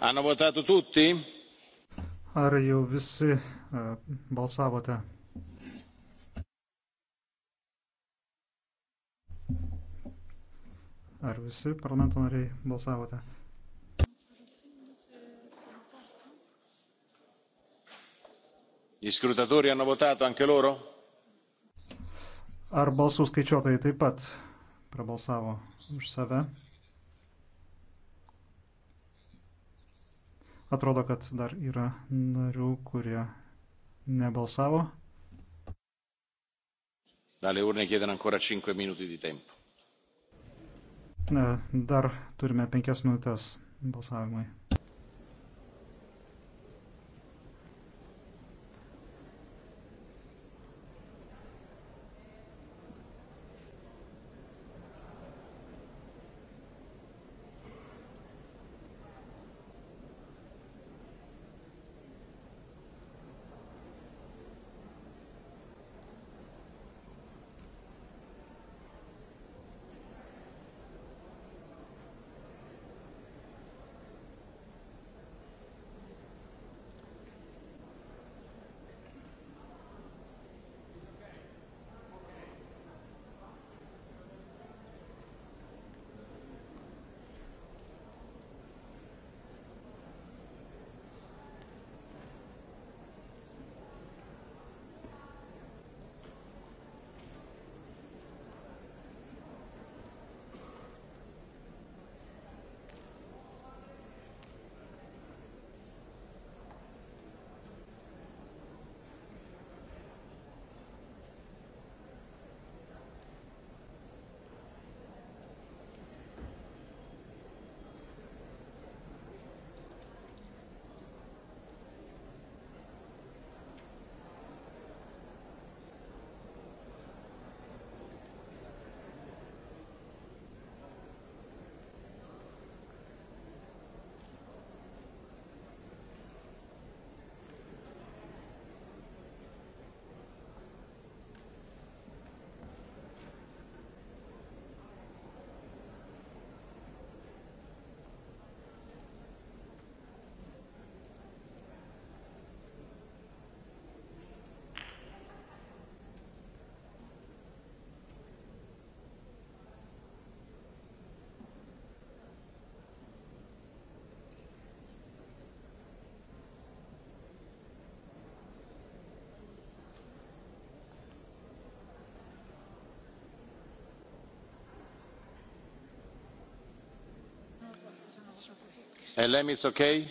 Hanno votato tutti? Ar jau visi e, balsavote? Ar visi parlamento nariai balsavote? Gli scrutatori hanno votato anche loro? Ar balsų skaičiuotojai taip pat prabalsavo už save? Atrodo, kad dar yra narių, kurie nebalsavo. Dalle urne chiedono ancora 5 minuti di tempo. Dar turime 5 minutės balsavimui. elem is okay?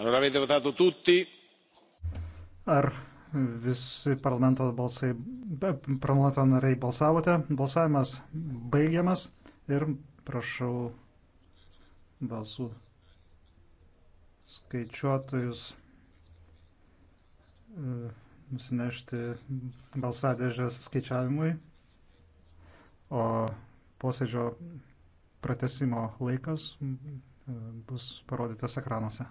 Allora avete votato tutti? Ar visi parlamento, balsai, parlamento nariai balsavote? Balsavimas baigiamas ir Prašau balsų skaičiuotojus e, nusinešti balsadėžės skaičiavimui, o posėdžio pratesimo laikas e, bus parodytas ekranuose.